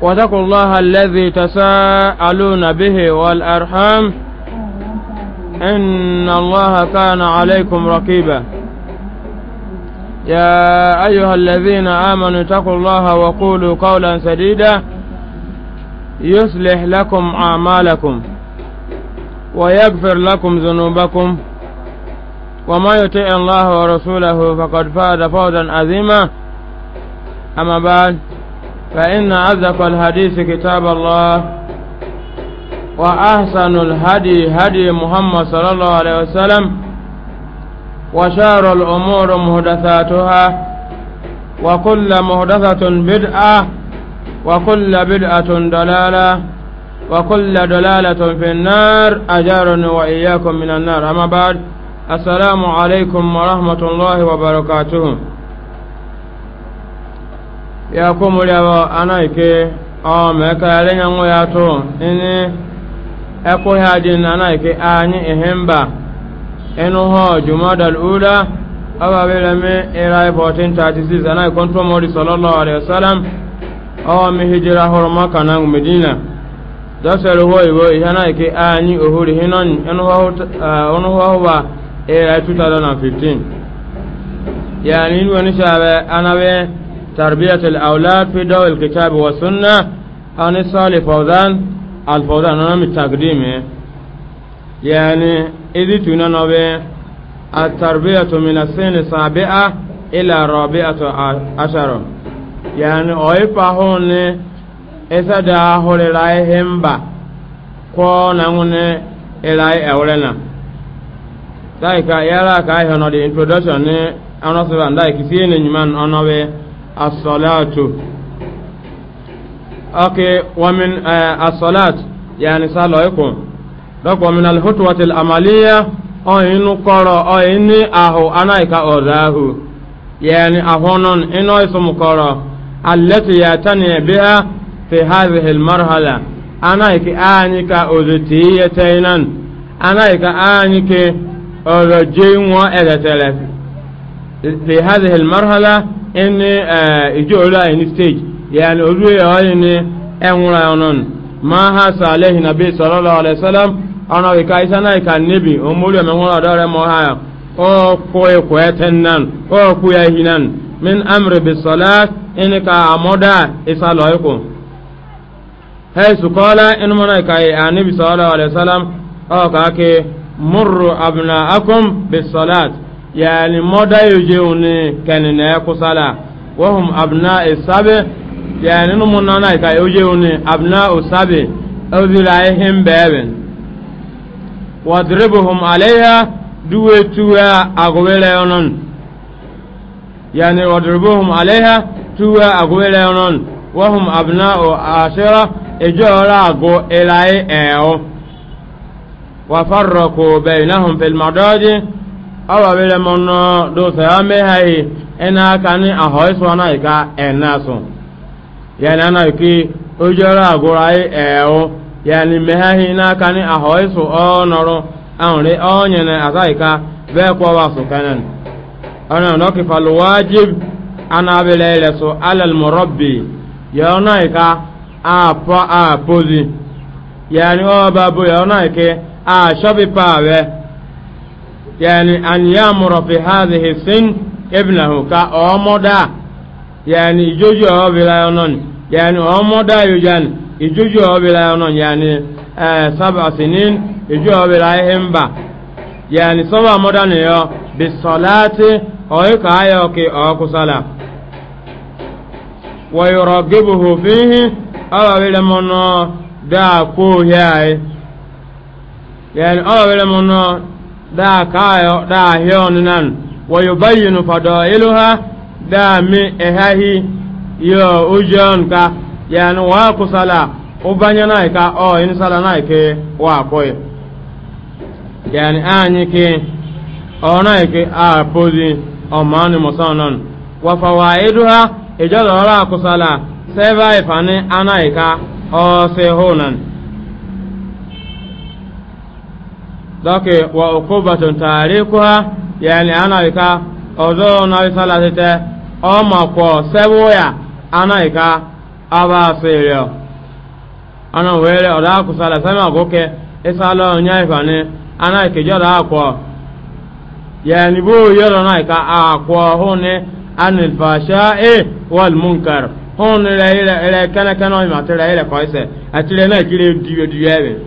واتقوا الله الذي تساءلون به والأرحام إن الله كان عليكم رقيبا يا أيها الذين آمنوا اتقوا الله وقولوا قولا سديدا يصلح لكم أعمالكم ويغفر لكم ذنوبكم وما يطيع الله ورسوله فقد فاز فوزا عظيما أما بعد فإن أصدق الحديث كتاب الله وأحسن الهدي هدي محمد صلى الله عليه وسلم وشار الأمور مهدثاتها وكل مهدثة بدعة وكل بدعة دلالة وكل دلالة في النار أجارني وإياكم من النار أما بعد السلام عليكم ورحمة الله وبركاته ya komulyabo anaike o mekayale nyaŋo yato ini ekuhadin anaike anyi ihimba inuho jumadal ula ababilemi irai 1436 anai kontomori sallallahu alaihi wasallam awa mi hijira horma kanang medina dasal ho ibo ihana uh, ke anyi ohuri hinon enuho ho ba irai 2015 yani wani shabe تربية الأولاد في ضوء الكتاب والسنة أن صالح فوزان الفوزان أنا التقديم يعني إذا تنانوي التربية من السن السابعة إلى الرابعة عشر يعني أيبا هون إذا دا هول لاي همبا كون أمون إلاي أولنا ذلك يلا كاي هنودي introduction ni أنا سبحان ذلك سين نجمان أنا الصلاة أوكي ومن آه الصلاة يعني صلوا يكون دوك ومن الخطوة العملية أو إنو كورو أو إني أهو أنا إكا يعني أهونون إنو اسم كورو التي يعتني بها في هذه المرحلة أنا إكي آنيكا أوزتيتينا أنا إكا آنيكي أوزجين وإذا في هذه المرحلة ini eh, ijo ora ini stage yani oru ya oyi ni enwura onon ma ha sa alehi nabi sallallahu alaihi wasallam ana wi kai sana ka nabi o muri me wona dare mo ha o ko e ko etenan o ku ya hinan min amri bis salat in ka amoda isalo yako hay su qala in mona kai anabi sallallahu alaihi wasallam o ka ke murru abnaakum bis salat yani moda yujewni kanina kusala wahum abna isabe e yani numu nana ka yujewni abna usabe awzirayihim beben wadribuhum alayha duwetuwa agweleyonon yani wadribuhum alayha tuwa agweleyonon wahum abna'u ashira ijora ago ilayi eyo wafarraku bainahum fil madaji awa wele mono do se ame hai na ika enaso yani ana ki ojora agora e o yani mehahi na kani ahoy so onoro anre onyene azaika be kwa waso kanan ana noki fal wajib ana wele ile ika apa apozi yani o na yana ike a shobi pawe يعني أن يأمر في هذه السن ابنه كأمدا يعني يجوجه بلا ينون يعني أمدا يجان يجوجه بلا ينون يعني آه سبع سنين يجوجه بلا يمبا يعني سبع مدن يو بالصلاة أو يكايوكي أو كسلا ويرغبه فيه أو بلمنا دا كوهي يعني أو بلمنا da kayo da hiyon nan wa yubayyinu fadailuha da mi ehahi yo ujon ka yani wa kusala ubanya na ka o in sala na ke wa koy yani anyi ke o ke a pozi o mani musanan wa fawaiduha ijala ra kusala sai ka o se honan dɔke wa ukubatun taarikuha yani ana ka ozo na salati te o ma ko sebo ana ka aba seyo ana wele oda ku sala sama goke isalo nyai fane ana ke joda ko yani bo yoro na ka akwa hone anil fasha'i wal munkar hone la ila ila kana kana ma tira ila ko ise atire na kire diwe diwe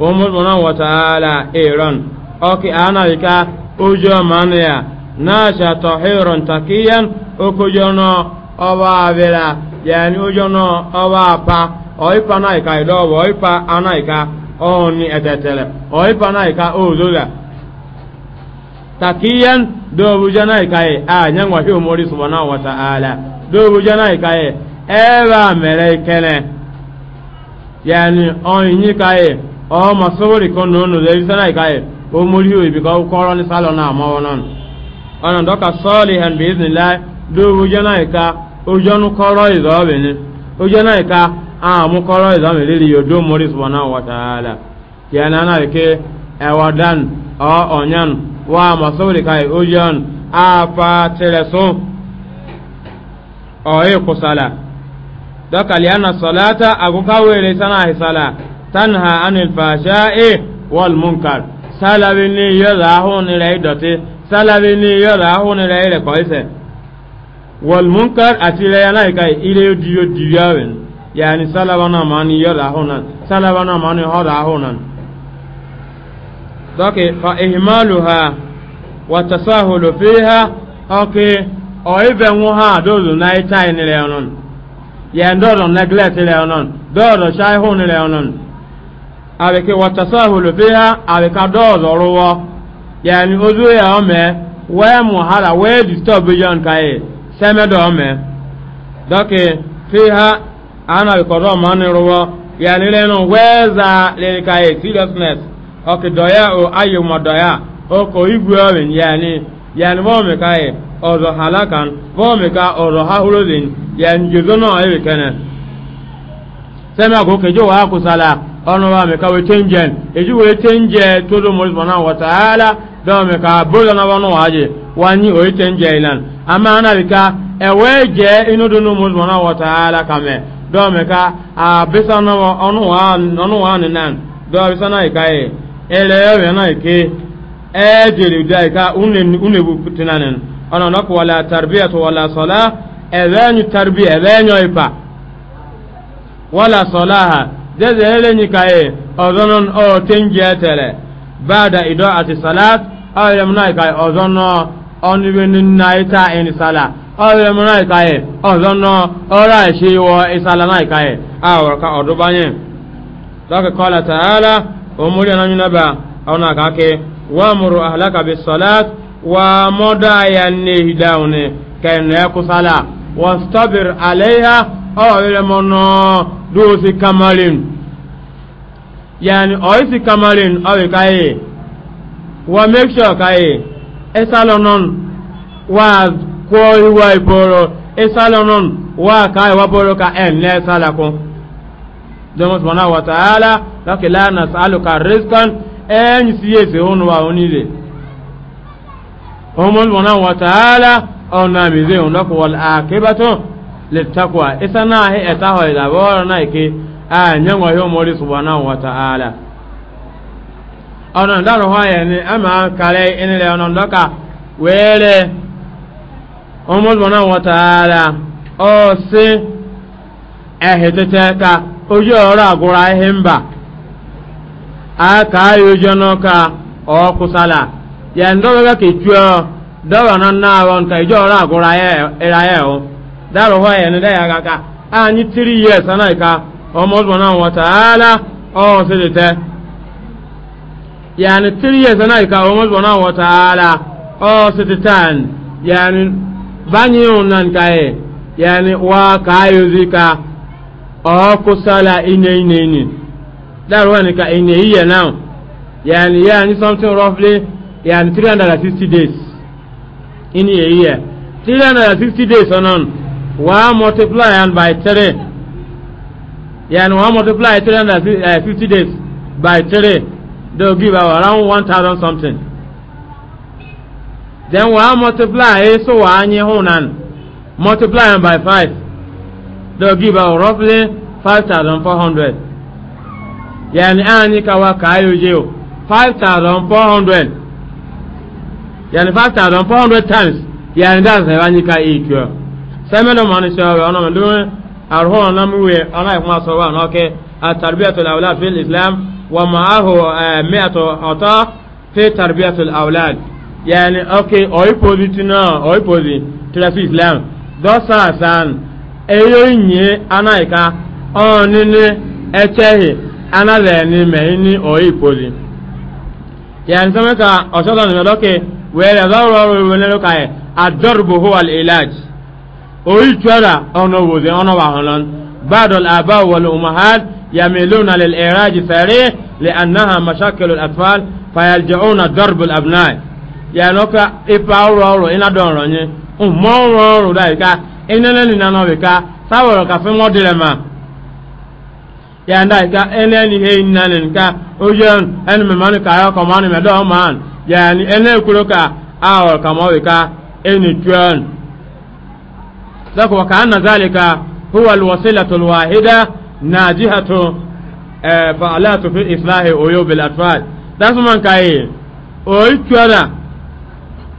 umuzuna wa ta'ala iran oki ana ika ujo mania nasha tahiran takiyan okujono oba abira yani ujono oba pa oipa na ika ana ika oni etetele oipa na ika uzula takiyan dobu jana ikaye a na hi umuri subhanahu o masori ko nono de sana ikaye o mori o ibi ka ko ron salo na ma wonon ona doka salihan bi iznillah do wujana ika ojonu koro izo bene ojona ika a mu koro izo me lili yodo mori na eh, oh, wa ta'ala na ke ewadan o onyan wa masori kai ojon a pa o e sala tanha anil fashai wal munkar salabi ni yọra ahun rẹ idọti salabi ni yọra ahun rẹ rẹ kọisẹ wal munkar àti rẹ aláìka ilé odiyo diyo rẹ yaani salaba náà maa ni yọra ahun nan salaba náà maa ni họra ahun nan. dọki fa ihimalu ha watasahulu fiha ọki ọyibẹ ń ha dọdọ náà ita ẹni rẹ ọnọn yẹn dọdọ neglect rẹ ọnọn dọdọ ṣáihun rẹ ọnọn. abeke watasahulu biha abeka dɔɔzɔ ruwɔ yani ozu ya ɔmɛ wɛɛ muhala wɛɛ disturb jɔn ka ye sɛmɛ dɔ ɔmɛ dɔke fiha ana abekɔdɔ mani ruwo yani lɛnu wɛɛ zaa lɛri ka ye seriousness ɔke dɔya o ayi ma dɔya o ko igwe ɔmɛ yani yani bɔɔmɛ ka ye ɔzɔ hala kan ka ozo hahuro zin yani jezo naa ebi kɛnɛ kejo waa ono wa me ka we tenjen eji we tenje to do mo subhanahu wa ta'ala da me ka bola na wano waje wani o tenje ilan amma ana bi ka e we je inu do mo subhanahu wa ta'ala kame da me ka a bisa na ono wa ono wa ne nan a bisa na ka e ele we na ke e jeri da ka unne unne bu tinanen ono nok wala tarbiyatu wala salah evenyu tarbiya evenyu ipa wala salaha zezele ni kaye ozonon o tenje tele bada ido ati salat awre munai kaye ozono onibenin na ita en sala awre munai kaye ozono ora shi wo isala nai kaye awr ka odubanye daga qala ta'ala umuri nan naba awna kake wa muru ahlaka bis salat wa moda ya ne hidaune kayan ya kusala wastabir alaiha ọ̀rẹ́rẹ́ mọ́ náà dúró sí kamarin yàní ọ̀rẹ́ sí kamarin ọ̀rẹ́ káyè wọ́n make sure káyè ẹ̀sálọ́nọ́n wà kọ́ ìwà ìbọ̀rọ̀ ẹ̀sálọ́nọ́n wà káyè wà bọ̀rọ̀ ká ẹ̀ ní ẹ̀sálàkún jọmọ sọmọ náà wàtà áàlà lọ́kì lánà sálùkà ẹ̀yìn sí èsè òun wà onílé ọmọ sọmọ náà wàtà ọ̀nà mìíràn lọ́kọ̀ wọ̀l àkébàtàn litakwa isa nahi etaho ila bora ọrụ a nyangwa hiyo mori subhanahu wa ta'ala ona na haya ni ama kale inile ona ndoka wele omo subhanahu wa ta'ala o si ehetete ka ojú ọ̀rọ̀ àgùrà ihe e mba aka ayò jọnà ka ọ e dọ́wọ́ na ka ìjọ ọrụ àgùrà ẹ̀ ya daro ho ya ne da ya kaka anyi 3 years ana ka o mo do na wa taala o se de te yani 3 years ana ka o mo do na wa taala o se de tan yani banyi onan kae yani wa kayo zika o ko ine ine ine daro ho ka ine iye now yani yani something roughly yani 360 days in a year 360 days onon wa multiply and by three. yani wa multiply three and eh, fifty days by 3 they'll give around one thousand something then wa multiply eh, so wa anyi hunan multiply and by 5 they'll give out roughly five 5400 yani anyi kawa kayo jeo 5400 yani hundred times yani that's anyi ka equal sɛmɛnɛ mɔni sɛbɛ ɔnɔ mɛ dumuni arho ɔnɔ mi wɛ ɔnɔ yɛ kuma sɔrɔ ɔnɔ kɛ a tarbiyatu awla fi islam wa ma'ahu mi'atu ɔtɔ fi tarbiyatu awla yani ok ɔyi pozi tina ɔyi pozi tira islam dɔ saa san eyo nye ana yi ka ɔni ni ɛkyɛhi ana lɛ ni mɛ ni ɔyi pozi yani sɛmɛ ka ɔsɔsɔ nimɛ dɔ ke wɛrɛ dɔwɔrɔ wɛrɛ ka yɛ a oyi twara ono woze ono wa honon badal aba wal umahat yamiluna lil iraj sari li annaha mashakil al atfal fayaljauna darb al abna ya noka ipa oro oro ina don ronye ummo oro oro dai ka enene ni nano be ka saworo ka fe modire ma ya ndai ka enene he nanen ka ojan en me man ka ya ko man me do man ene kuloka awor ka mo be ka eni twan ذاك وكأن ذلك هو الوسيلة الواحدة ناجحة فعلات في إصلاح عيوب الأطفال that's man kai oyi kyara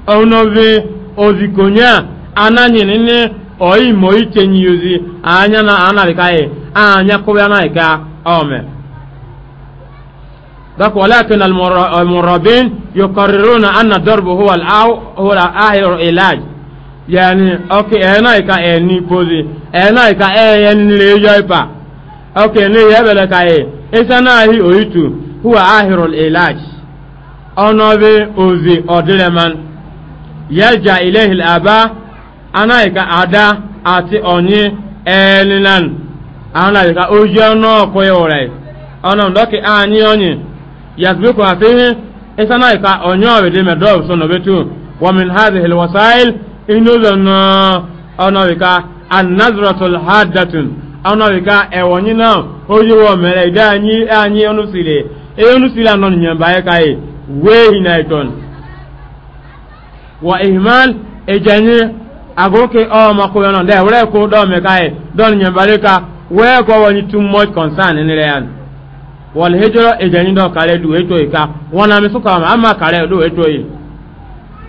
onobe ozikonya ananye nene oyi moyi chenyi yuzi anya na anari kai anya kobe anari ka ome ذاك ولكن المرابين يقررون أن الضرب هو الأو هو الآخر علاج yani ok ena ka eni pozi ena ka eyen le yoipa ok ne yebele ka e, e. hi oitu huwa ahirul ilaj onobe ozi odileman yalja ilehi alaba ana ka ada ati onye elinan ana ka oji ono okoyore ono ndoki anyi onye yasbiku afihi isana ka onyo obedime do sonobetu wa min hadhihi alwasail inozo na ọnọbika annazratul haddatun ọnọbika ẹwọnyi náà ó yí wọ mẹrẹ ìdá anyi anyi ọnùsílẹ ẹyọnùsílẹ anọ nìyẹn báyẹ káyé wéyìn agoke ọmọkùnrin náà dẹ wúrẹ kó dọọmẹ káyé dọọni don báyẹ ká wẹ́ẹ̀ kọ́ too much concern ní rẹ̀ yẹn wọ́n lè hejọ́ ìjẹnyi du ètò yìí ká wọn àmì sọ́kọ̀ àmà kárẹ́ du ètò e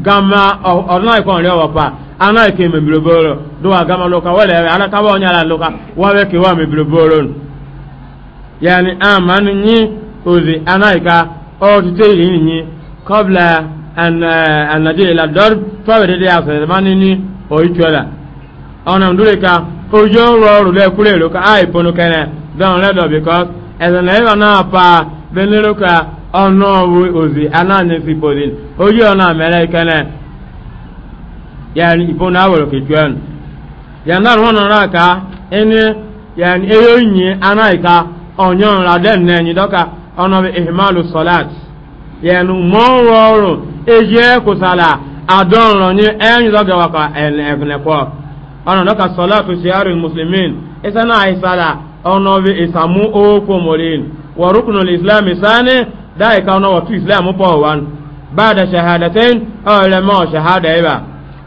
gama ọdụna ikpe nri ọwọpa ana ike mebiri boro duwa gama luka wale ebe ana kaba onye ala luka wabe kewa mebiri boro yani ama nyi ozi ana ika ọtụtụ iri nyi kọbla anadi e, ila dọr fọwere dị asịrị ma nini oichuela ọna ndure ka oji ọrụ ọrụ dị ekwuru ero ka a iponu kene dọrọ redọ bikọs ẹsẹ na ịba na-apa benere ka ọnụọwụ ozi ananyesi polin oyi ọna mere ikene yani ibo na awere kejuan yani na rụọ nọrọ aka ịnị yani eyo inye anaghịka onye ọnra den na enyi dọka ọnọbụ ihmalu salat yani mmọnwụ ọrụ eji ekwusala adọnrọ nye enyi dọka waka ẹnẹkwọ ọnọ dọka salatu shiari muslimin isa na ahisala ọnọbụ isamu okwu morin wa islam isani da yi kawo wa tu islam po wan ba'da shahadatain aw lama shahada iba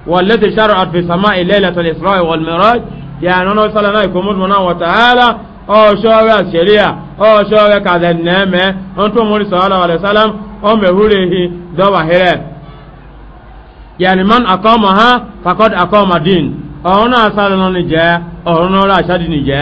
wallati shar'at fi sama'i lailatul isra wal miraj ya nono sallallahu alaihi wa ta'ala ọ̀ṣọ́rẹ́ ṣẹ̀ríà ọ̀ṣọ́rẹ́ kàdẹ̀nẹ́mẹ́ ọ̀n tó múrí sọ́ọ́lọ́ ọ̀lẹ́sálám ọmọ ìwúrí ihi dọ́wàhírẹ̀ yaniman akọ́mọ̀ ha fakọ́d akọ́mọ̀ dín ọ̀run náà sálọ́nà nìjẹ́ ọ̀run náà ṣáàdì nìjẹ́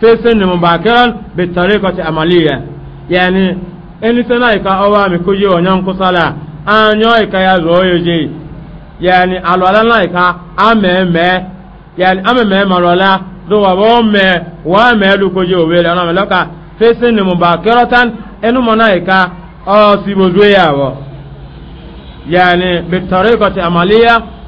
fi sinni mubakiran bi tariqati amaliya yani eni tana ka awa mi kuje wa nyam kusala anyo ka ya zoyo je yani alwala na ka ameme yani ameme malwala do wa bo me wa me du kuje o wele na melaka fi sinni mubakiratan enu mona ka o sibo ya wo yani bi tariqati amaliya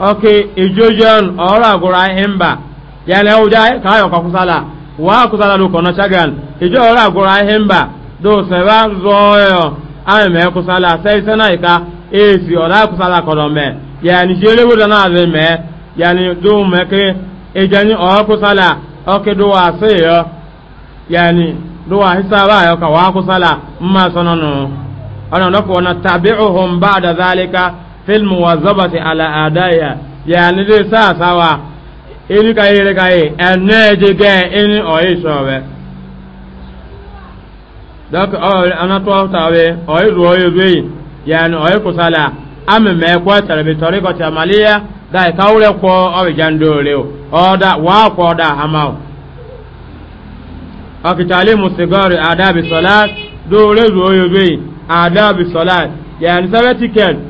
oke ijojon ora gura himba yale uja kayo ka kusala wa kusala lu kono chagan ijo ora gura himba do seba zoyo ai me kusala sai sana ika esi ora kusala kono me yani jele bu na ze me yani do me ke ọ ora kusala oke do wa se yo yani do wa hisaba yo ka wa kusala mma sonono ana nako na tabi'uhum ba'da zalika fil muwazzabati ala adaya yani de sa sawa ini ka yere ka ye ene je ge o yi so be dak o ana to ta be o yi ro yi be yani o yi ko sala am me ko tare be tori ko tamaliya da ka wure ko o be jandole o da wa ko da hamaw akitalimu sigari adabi salat dole ro yi be adabi salat yani sabe ticket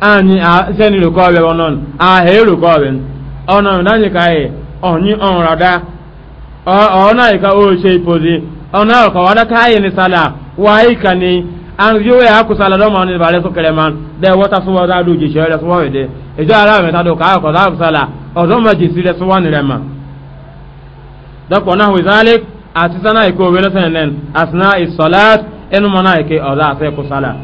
anyị seni lukọbe ọnọn ahe lukọbe ọnọn nanyi ka ye ọnyi ọnrada ọnayi e ka o se pozi ọnayi ka wada ka ye ni sala ayi ka ni an yo ya ku sala do ma ni bare so kere man de wata so du ji shere so wede e ara ta do ka sala o ma ji sire so wan re ma na hu zalik atisana e e sala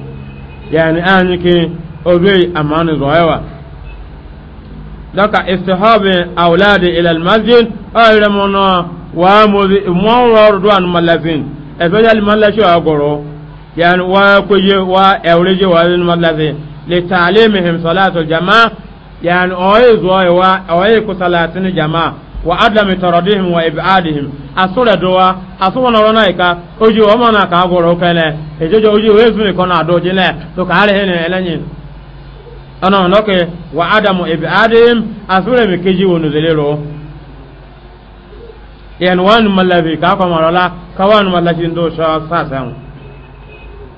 obey amani zoewa daka istihabi awladi ila almasjid ayre mono wa mozi mon lor do an malafin e be dal malashi agoro yani wa koje wa ewreje wa an malafin li ta'limihim salatu jamaa yani oye zoe wa oye ku salatin jamaa wa adami taradihim wa ibadihim asore dowa asuwa na rona ika oji o mana ka agoro kele ejojo oji we zuni kona adojile to ka ale hene elenyin ana noke wa adamu ibadihim asure mi keji wonu zelero yan wan malabi ka ko marala ka wan malaji ndo sha sasan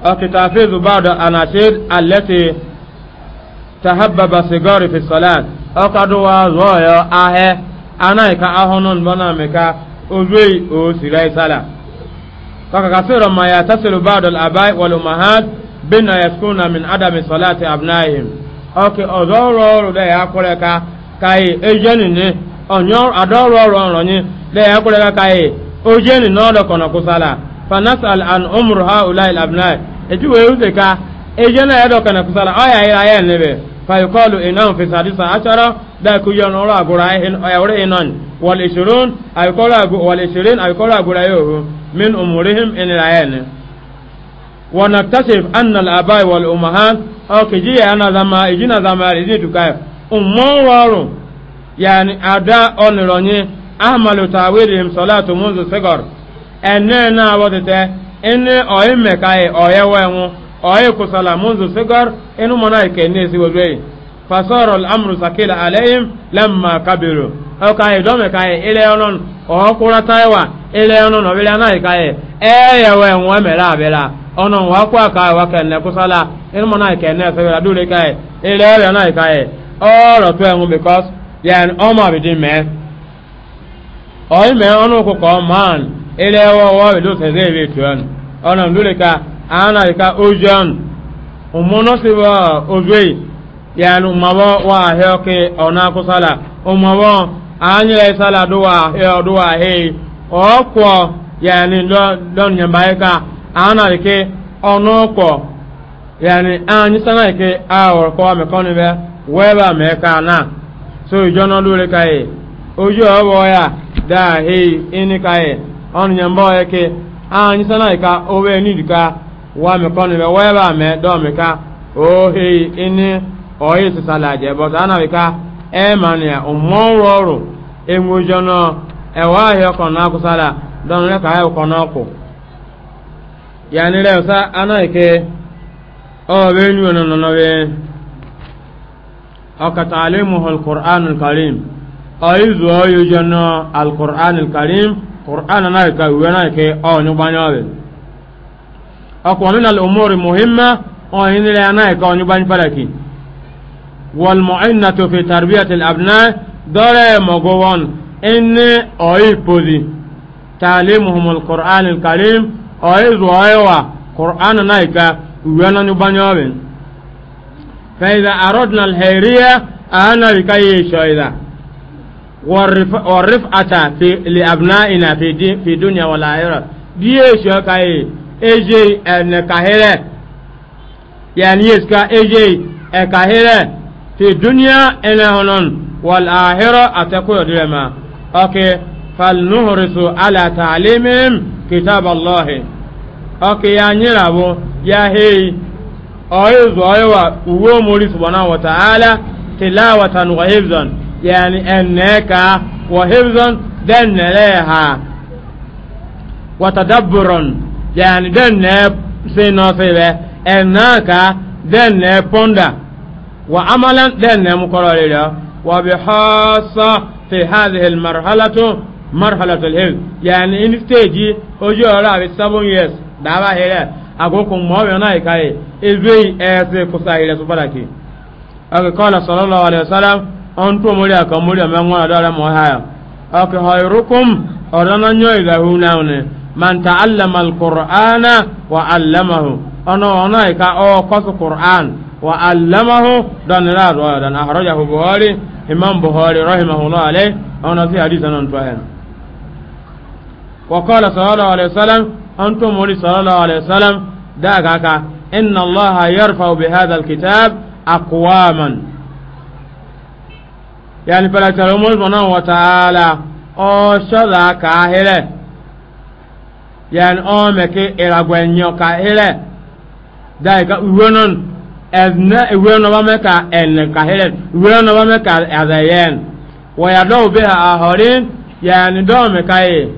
akitafizu ba'da anashid allati tahabbaba sigari fi salat akadwa zoya ahe ana ka ahonun bana me ka ozwe o sirai sala kaka kasira ma yatasilu ba'da al-abai wal ummahat bina yaskuna min adami salati abnaihim oke ọzọrụ ọrụ da ya kwere ka kai ejeni ni, onyor adọrụ ọrụ ọrụ ni da ya kwere ka kai ojeni na ọdọ kọnọ kusala fanasal an umru ha ulai labnai eti wee uze ka ejeni ya dọ kọnọ kusala ọ ya ira ya nebe fayukọlu inan fi sadisa ashara da ku yon ọrụ agụra ayawure inan wal ishirun ayukọlu agụra yohu min umurihim inira ya ne wa naktasif annal abai wal umahan okiji ya na zama iji e na zama e ya iji tuka ya umman waru yani ada a ahmalu tawilihim salatu munzu sigar ene na awotete ene oyi mekai oye wenwu oyi kusala munzu sigar inu mana ike ne si wezwe fasoro al'amru sakila alayhim ile ile na ọnọ wa kwa ka wa kenne kusala in mona kenne se wa dule kai ile re na kai oro e. to en because yan o ma bi din me o me ọnọ ko ko man ile wo wo bi do se ze bi tuan ọnọ dule ka ana ka ojan umono se wa ozwe yan umawo wa he ke ona kusala umawo anya sala do wa he do wa he o ko yani don don nyambaika ana ke ono ko yani ani sana ke awor ko me kono be weba me kana so ijọ jono lure kai ojú ọwọ́ ya dáa hei inika ẹ̀ ọ̀nà mbọ ya ike anyị sana ika owe nidika wa mekọni be weba me dọmika o hei ini oyi sisala je but ana wika e mania umọrụ ọrụ enwe ojú ọnụ ewa ahịa ọkọ na akwụsala dọnụ ka ha ọkọ n'ọkụ. yani le sa ana ke o be nyu no no be o ka ta'limuhu alquran alkarim aizu ayu janna alquran alkarim qur'an na ka wena ke o nyu banyo be o ko min al'umuri muhimma o hin le ana ka o nyu banyo paraki wal mu'innatu fi tarbiyati alabna dole mogowon inni oyi pozi ta'limuhum alquran alkarim oye zuoyewa qur'ana naika uwenanu banyoben faidha aradna alheriya anabika yeshoida warifata liabnaina fi dunia walaira diyesho kaye ejei ene eh, kahire yani yeska ejei e kahire fi dunia ene honon walahira atekoyo dilema okay falnuhrisu ala talimihim kitab allahi ọkè ya nyira bụ ya hei ọyụzụ ọyụwa uwe omori subhanahu wa ta'ala tilawatan wa hifzan yani enneka wa hifzan den nere ha wa tadabburan yani den ne se no den ne ponda wa amalan den ne mukororira wa bihasa fi hadhihi almarhalatu marhalatul ilm yani in stage ojú ọ̀rọ̀ àbí seven years dábàá hẹrẹ àkókò mọ́ọ̀mí náà ìka yìí ìlú ẹ̀ẹ́sì kùsà ilẹ̀ tó padà kì. ọkì kọ́lá sallallahu alayhi wa sallam ọ̀n tó múlẹ̀ ọ̀kọ̀ múlẹ̀ mẹ́wọ́n ọ̀dọ́rẹ́ mọ́ ha. ọkì khayrukum ọ̀dọ́ náà nyọ́ ìlàhùn náà ni man ta'allama al-qur'ana wa 'allamahu ọ̀nà ọ̀nà ìka ọ̀ kọ́sù qur'an wa 'allamahu dọ̀nìlá àdúrà dàn àhọ́rọ́jà buhari imam buhari rahimahullah alayhi ọ̀nà sí hadith náà tó وقال صلى الله عليه وسلم أنتم مولي صلى الله عليه وسلم داكاكا إن الله يرفع بهذا الكتاب أقواما يعني فلا تلومون سبحانه وتعالى أو شذا كاهلة يعني أو مكي إرغوانيو كاهلة دايكا وينون أذنا وينون ومكا أن كاهلة وينون ومكا أذيان ويدعو بها آخرين يعني دوم كاهلة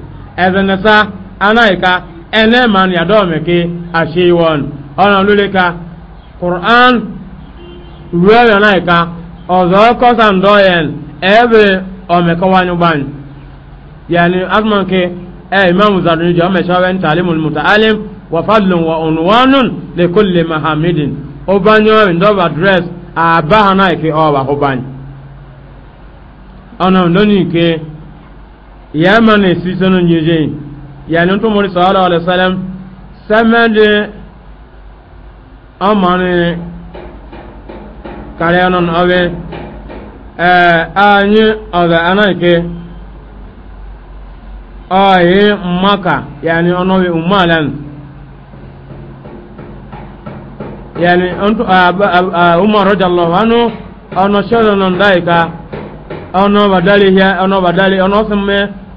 ezenesa anaika ene man ya dome ke ashiwon ona lulika qur'an ruwe anaika ozo kosa ndoyen ebe omekowanyu ban yani azman ke e imam zarnuji ome shawen talimul muta'alim wa fadlun wa unwanun li kulli mahamidin obanyo ndoba dress abaha naike oba hobanyi ona ndoni ke ya mani sisanu nyeje ya ni tumuri sallallahu alaihi wasallam samade amani kare non awe eh anyi awe anake ayi maka yani onowe umalan yani onto umar radiyallahu anhu ono shodo non daika ono badali ya ono badali ono semme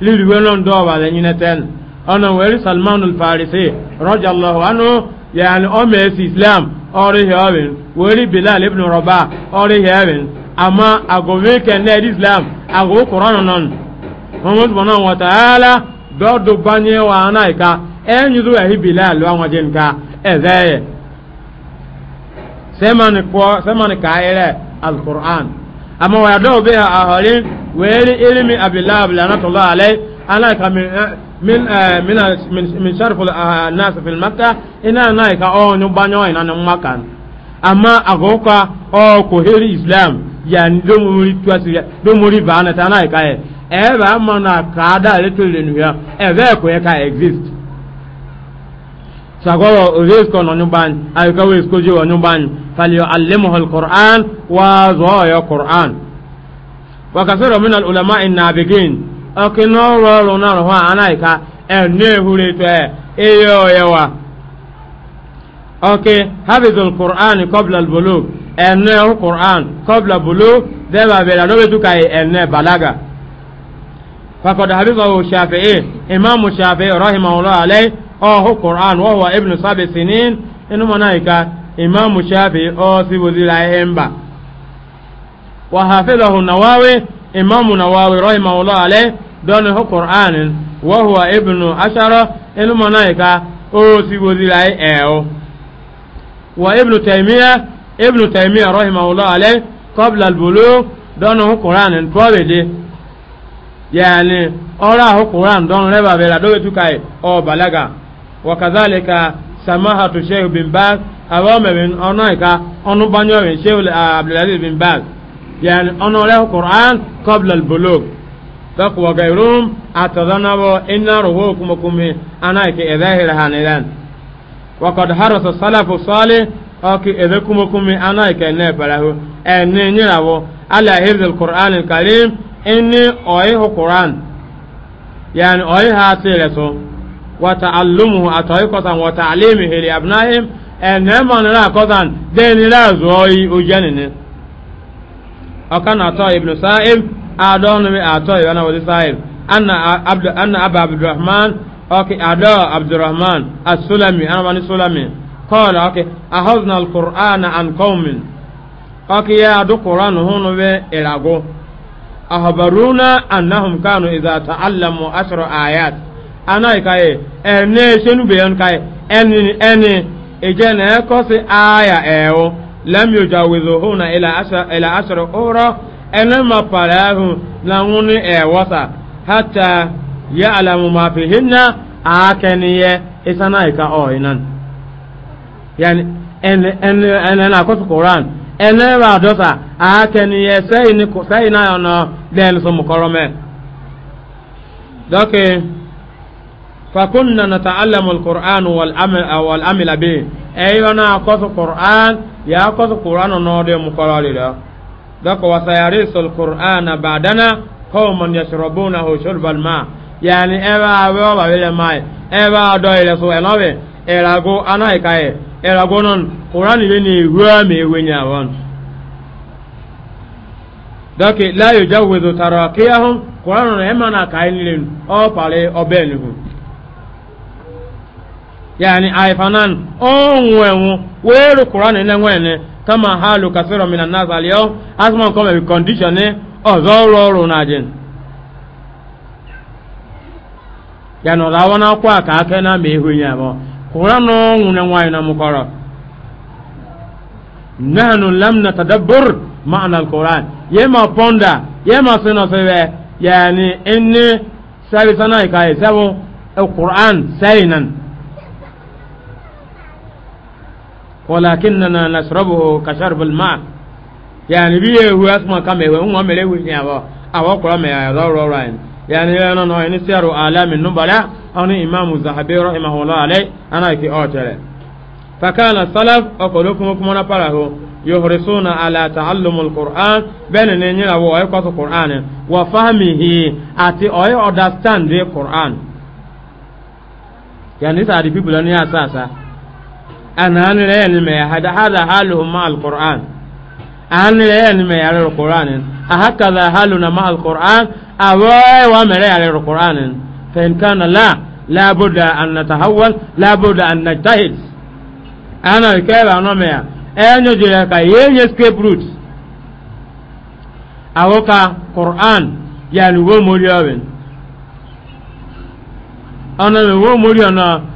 lili wenon do wala nyine ten ana wali salman al farisi radiyallahu anhu yani o me islam ori hewin wali bilal ibn rabah ori hewin ama agobe ken ne islam ago qur'an non muhammad subhanahu wa ta'ala do do banye wa anaika enyu do ehi bilal wa wajen ka ezeye semani ko semani kaire al qur'an ama wa do be ahalin weli ilmi abillah lanatullah alay ana ka min min min sharf nas fi makkah ina na ka o nyu banyo ina nyu makan amma agoka o ko heri islam ya ndo muri twasi do muri bana ta na ka e e ba mana ka da le to le nu ya e be ko e ka exist sagoro risko no nyuban ay ka wes ko jiwa nyuban falyo allimuhu alquran wa zo ya quran wakasoro min alulama innabigin okinororo naroho anaika enehuritoe iyoyewa oke hafizu alqur'ani qabla albulug enehu qur'an qabla bulug debabela nobetukai ene balaga fakod hafizahu shafii imamu shafii rahimahullah alai ohu qur'an wahuwa ibnu sabi sinin inumanaika imamu shafii osibuzila hemba wa hafizahu nawawi imamu nawawi rahimahullah alayh dɔɔni hu qur'anin wa huwa ibnu ashara ilmu naika oo siwozilai ɛɛwo wa ibnu taymiya ibnu taymiya rahimahullah alayh qabla albulug dɔɔni hu qur'anin tɔbidi yaani ɔraa hu qur'an dɔɔni rɛba bela dɔbe tukai oo balaga wa kadhalika samahatu sheikh bin baz awɔmɛ bin ɔnaika ɔnu banyɔ bin sheikh abdulaziz bin baz yani ono lehu qur'an qabla al bulug dak wa gairum atadana wa inna ruhukum kum ana ke idahira hanilan wa qad harasa salafu salih aki idakum kum ana ke ne balahu enne nyirawo ala hifz al qur'an al karim inni oyi qur'an yani oyi hatire so wa ta'allumuhu atoyi kosan wa ta'limihi li abnahim enne manira kosan denira zoyi ujanini أكان عطاء بن سائب أدون من عطاء أنا ولي سائب أن عبد أن أبا عبد الرحمن أوكي أداء عبد الرحمن السلمي أنا من السلمي قال أوكي أخذنا القرآن عن قوم أوكي يا دو قرآن هون بإلاغو أخبرونا أنهم كانوا إذا تعلموا عشر آيات أنا كاي أني شنو بيان كاي أني أني إجانا كوسي آية إيو lam yujawizuhuna ila ashra ila ashra uhra enema palahu na nguni e wasa hatta ya'lamu ma fihinna akaniye isana ika o inan yani en en en na ko Quran en ba dosa akaniye sai ni ko sai na ono den so mukorome doke fakunna nata'allamu al wal amal wal amila bihi eyba na kosu qur'an ya kosu qur'an no de mu kolalila dako wasayarisu alqur'ana ba'dana qauman yashrabunahu shurbal ma yani eba awo ba wele mai eba do ile so enobe erago anai kai erago non qur'an ile ni huwa me wenya won dako la yujawizu tarakiyahum qur'an no emana kai nilen o pare obenihu yani aifanan onwenwu weeru kurani nenwene kama halu kasiro minan nas alyawm asman kome bi condition ọzọ ọrụ ọrụ na ajin ya na ọzọ awọn akwa ka aka na ma ihu ya bụ kurani onwune nwanyị na mụkọrọ nahnu lam natadabbur ma'na alquran yema ponda yema sino sebe yani inni sabi sana ikai sabu alquran sainan walakinna nashrabuhu ka sharbil ma yani biye hu asma kama ewe unwa mele hu ni abo awo kura me ya ro ro yin yani ya no no ni siru alamin nubala ani imamu zahabi rahimahullah alai ana ki otere fakana salaf okolokum kuma na para ho yuhrisuna ala ta'allum alquran bene ne nyira wo ay ko qur'an wa fahmihi ati oy understand the qur'an yani sa di people ni asasa ananu la yani me hada hada haluhum ma alquran an la yani me ala alquran ahakadha haluna ma alquran awa wa me la ala alquran fa in kana la la budda an natahawwal la budda an najtahid ana keba no me enyo jira ka yenye escape route awoka qur'an yani wo mori awen ana wo mori ana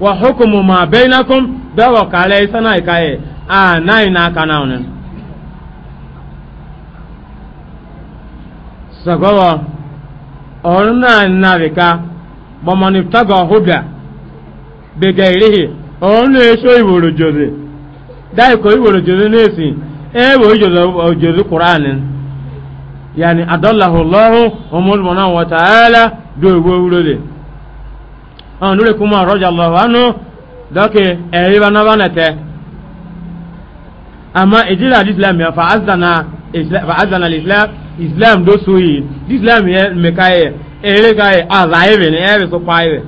wa hukumu ma bainakum dawa kala isana ikaye a nai na kana onen sagawa orna nabika bomani taga huda begairihi orna eso iboro jode dai ko iboro jode nesi e wo jode jode qur'anin yani adallahu allah umul wa ta'ala do wo wulode an nure kuma radiyallahu anhu dake eri bana bana te amma ejira islam ya fa'azzana fa'azzana islam islam do suyi islam ya me kai ere kai azaibe ne ebe so paibe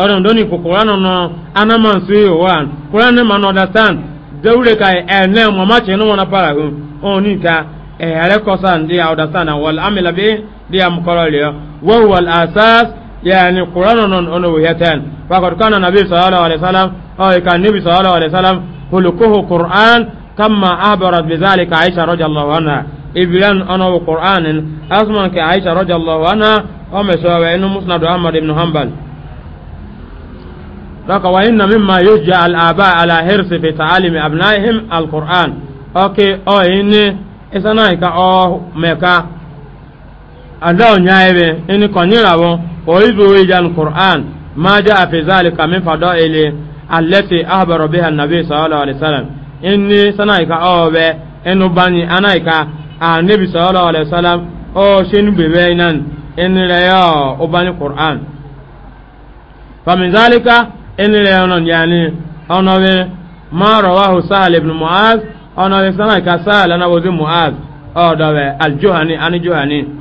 ọdún dóni kòkòrò nínú anaman sí ìwà kòrò ní ma understand dẹ́wúrẹ́ ka ẹ̀ẹ́nẹ́ mọ̀má tí inú wọn para hù ọ̀hún ní ka ẹ̀ẹ́rẹ́ kọ́sà ní understand wọ́n amílàbí di àmukọ́rọ̀ rẹ̀ wọ́n wọ́n asas yani qur'an non ono wiyatan wa qad kana nabi sallallahu alaihi wasallam aw kan nabi sallallahu alaihi wasallam khuluquhu qur'an kama ahbarat bidhalika aisha radhiyallahu anha iblan ono qur'an asman ka aisha radhiyallahu anha o me so wa inu musnad ahmad ibn hanbal daka wa inna mimma yujja al aba ala hirsi fi ta'alimi abnaihim al qur'an okay o inni isana o meka anda nyaabe ini konyira bo o ibu wijan qur'an ma jaa fi zalika min fadaili allati ahbara biha an-nabi sallallahu alaihi wasallam inni sanaika obe enu bani anaika a nabi sallallahu alaihi wasallam o shenu bebe nan inni la ya ubani qur'an fa min zalika inni la yonon yani ono be ma rawahu sahal ibn muaz ono be sanaika sahal ana wazi muaz o dawe al-juhani ani juhani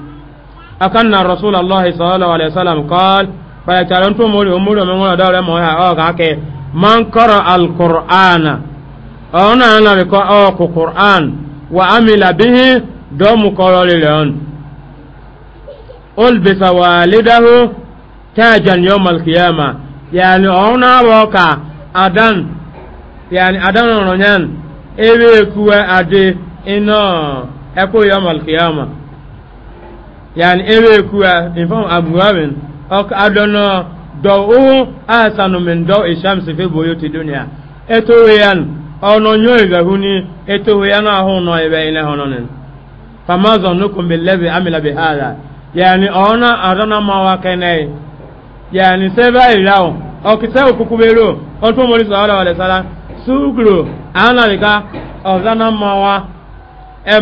أكن رسول الله صلى الله عليه وسلم قال فيتعلم تمولي أمولي من قول دولة موها أوكاكي من قرأ القرآن أنا أنا بقى أوكو قرآن وعمل به دوم قولي لون ألبس والده تاجا يوم القيامة يعني أنا بقى أدن يعني أدن رنيان إيه كوى أدي إنه أكو يوم القيامة yani ewe kuwa ifam amwawin ok adono dawu ahsanu min dawi shamsi fi buyuti dunya eto yan ono nyoy eto yan ahu no ebe ile hononen fama zannukum billazi amila bi yani ona adona mawa yani seba ilawo okise okukubelo onto mori sallallahu ozana mawa e,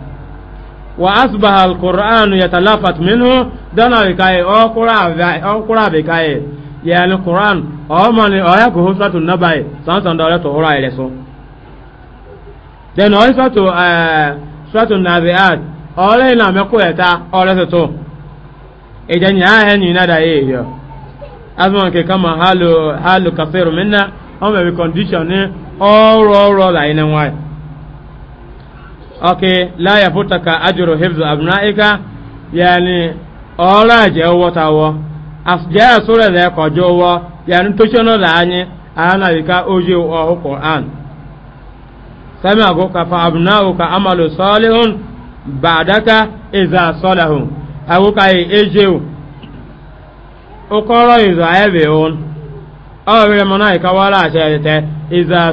wa asbaha alqur'anu yatalafat minhu dana bi kai o qura o qura bi kai ya alqur'an o mani o ya ko husatu nabai san san da to ora ile so den o isa to eh satu nabiat o le na me ko eta o le to ya he ni na da kama halu okay la yafutaka ajru hifzu abnaika yani ọrụ aje wọtawo asjaya sura da ko jowo yani toshono da anyi ana bika oje o qur'an sami ago ka fa abnauka amalu salihun ba'daka idza salahu ago ka eje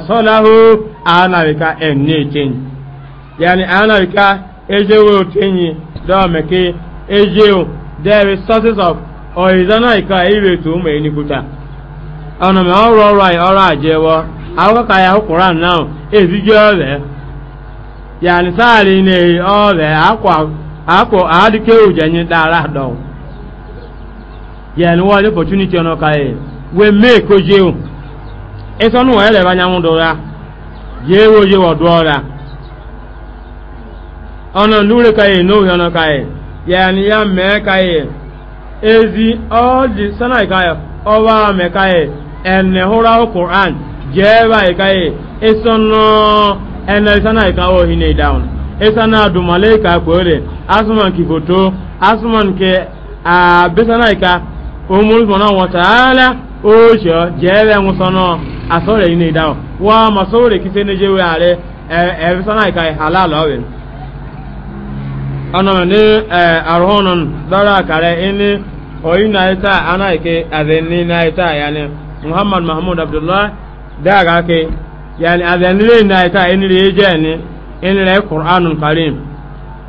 salahu yani ana ka ejewe otenyi da meke ejewo there is sources of oizana ka ire to me ni kuta ana me ọrụ ọrụ anyị ọrụ ajewo awọ ka ya quran now ezijo ole yani sari ne ole akwa akwa adike dara do yani wale opportunity ka e we make nu do do ọnọ lure ka ye n'ohi kaye ka ye yani ya mee kaye ye ezi ọdị sanai ka ye ọba ame ka ye ene hụra quran jeeba e ka ye ịsọnọ ene sanai e ka ohi ne e down ịsana dumale ka kwere asuman ki foto asuman ke a bisanai ka umuru subhanahu wa ta'ala ojo jeebe nwụsọnọ asọrọ ne down wa masọrọ kisene jewe are ebe sanai ka halal ọwere ana ni e, arhonun dara kare ini oyi na ita ana ike azenni na ita yani muhammad mahmud abdullah daga ke yani azenni le na ita ini le je ni ini le qur'anun karim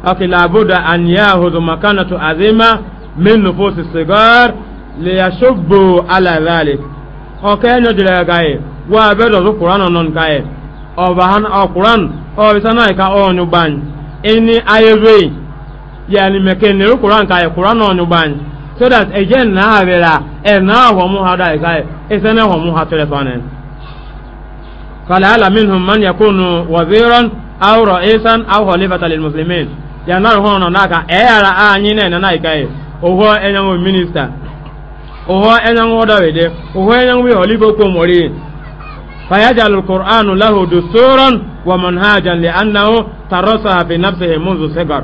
aki labuda an yahudu makanatu azima min nufusi sigar li yashubbu ala dhalik o kenyo dire gaye wa bedo zu qur'an non kaye o bahan o qur'an o bisana ka o nyuban ini ayebe yani meke ne Qur'an kai Qur'an onu ban so that again na avela e na wa mu hada kai e, e sana wa mu hatele fanen qala ala minhum man yakunu waziran aw ra'isan aw khalifatan lil muslimin ya na ho no naka e ara anyi ne na na kai oho e wo e minister oho enyan wo dawede oho enyan wo holibo boko mori فيجعل القرآن له دستورا ومنهاجا لأنه tarasa في نفسه منذ صغر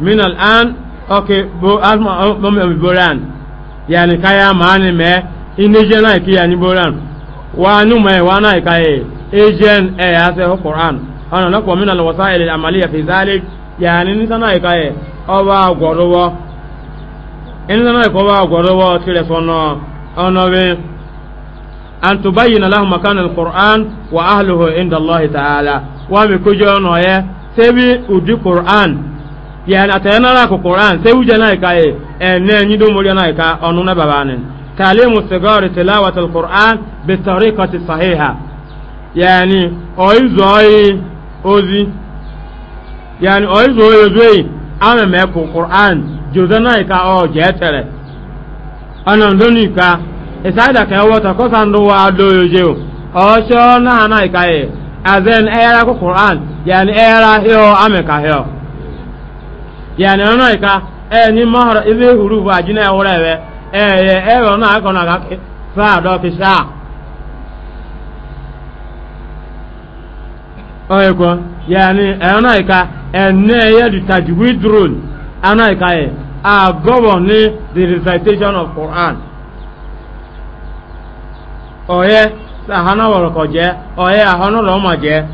min al'an ok bo asma bo me boran yani kaya mani me inije e na ki yani boran wa nu me wa na ejen e ya e e se qur'an ana na ko min al wasail al amaliya fi zalik yani nisana sana kai o ba gorowo en sana ko ba gorowo tire sono ono we an tubayyana lahum makan al qur'an wa ahlihi inda allah ta'ala wa mi kujo no ye sebi udi qur'an yani atayanara ko qur'an sai wujana ka e enne nyi do mori na ka onu na babane talimu sigari tilawati alquran bi tariqati sahiha yani oizoi ozi yani oizoi ozi ame me ko qur'an jozana ka o jetere anan doni ka isaida ka wata ko sandu wa do yoje o sho na na ka e azen era ko qur'an yani era hiyo ame ka hiyo yani ono ika e eh, ni mahara ibe huru ba jina ya wura be e eh, e e eh, ono aka na ka fa do fi sa oye ko yani e ono ika e ne ya di tajwidrul ono ika e a govern ni the recitation of Quran oye sahana je kọ jẹ ọyẹ ahọnú lọmọ jẹ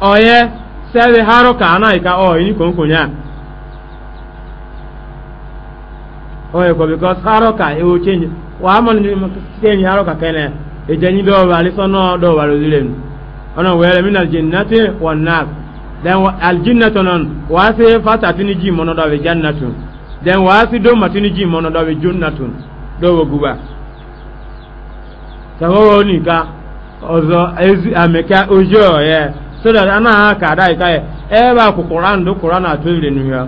ọyẹ sɛbi haro kaana yi ka ɔ ini ko because haro ka change wa ni change haro ka kene do zilen ona wele min nas wa se fata tini ji mono do be jannatu den wa si do matini ji mono do be jannatu do wo guba sawo so that ana ha ka da kai e ba ku qur'an do qur'an a tuire nu ya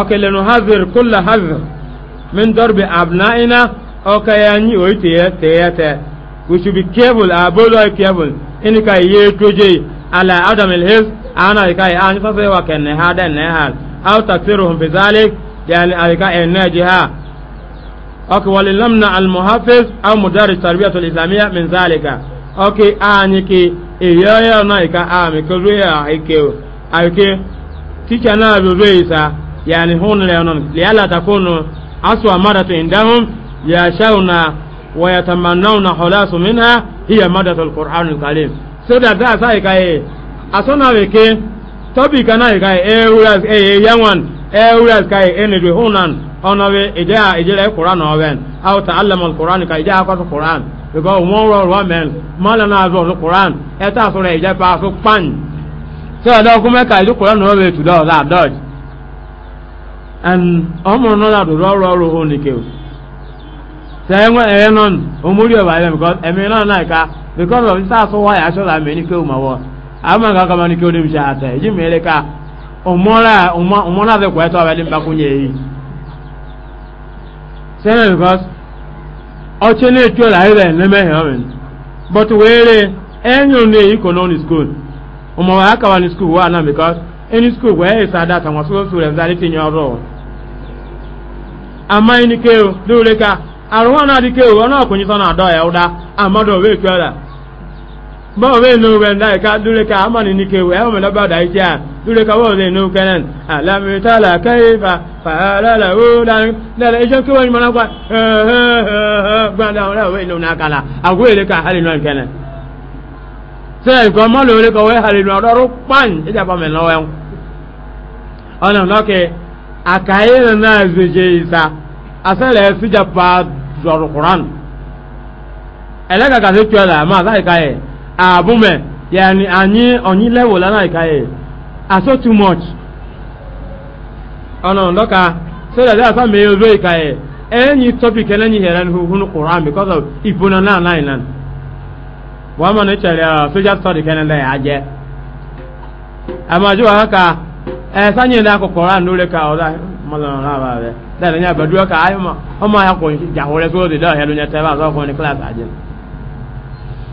okay lenu hazir kullu hazir min darbi abnaina okay yani oite ya teyete we should be careful abolo careful in ka ye toje ala adam al hiz ana kai an fa sai wa kan ha da ne hal aw taksiruhum bi zalik yani alika en najiha okay walilamna al muhafiz aw mudarris tarbiyatul islamiyya min zalika okay aniki eyoya na ika ami kazo ya ike ake tika na bezo isa ya ni hun le non li ala kono aswa maratu indahum ya shauna wa yatamannawna khalasu minha hiya madatu alquran alkarim so da da sa sai kai e, asona weke tobi kana kai e uras e yawan e uras kai ene de hunan onawe ija ija alquran awen au ta'allama e, alquran kai ija akwa alquran because wọ́n rọrùn wọn mẹ́rin mọ́lá náà zọ koran ẹ tá a sọ̀rọ̀ ìjẹ́ pa pan tí ọ̀dọ́ ọkùn mẹ́ka ìlú koran náà wẹ̀ tùdọ̀ ọ̀dà dọ́j and ọmọ náà dàdú rọrùn ọrùn òun o ẹ nọ omúrí ọ̀bà ẹ̀ because ẹ̀mí náà náà ká because of ṣáà sọ wáyà aṣọ làmì ní kéwù máa wọ àmọ́ kan máa ní kéwù ní àtẹ èjì mi ká ọmọ náà ọchị na-etu ọla ịda ememeghe ọmịn but were enyo na eyi na ni school ụmụ ha akawa ni school wa na because any school wee esa ada ta si sure nzari tinye ọrụ ama ni keo dole ka arụwa na adị keo ọ na-akwụnyesa na adọ ya ụda amadu ọ wee tu ọla bọ́ọ̀ bẹ́ẹ̀ ní ọgbẹ́ ńdá ìka dúró ká àmọ́ ní nìke wẹ́ ẹ̀wọ̀n mẹ́lọ́bà dà ìjẹ́ à dúró ká bọ́ọ̀ bẹ́ẹ̀ ní ọgbẹ́ náà àlàmìtàlà ó dáadáa iṣẹ́ kí wọ́n mọ́nà pa ha ọ̀rẹ́ òwe ìlú náà kàlà àgó èlé ká na ka abume yani anyị onyi level anaghị ka ya aso too much ọnụ ndọka so that asa mee ozo ka e enyi topic enyi here nhu hu quran because of ibuna na na na wa ma ne chere a social study kan da ya je ama jo haka e sanye na ko quran dole ka ola mala na ba da da nya badua ka ayo ma o ma ya ko ja hore so de da helu nya ta ba so ko ni class ajin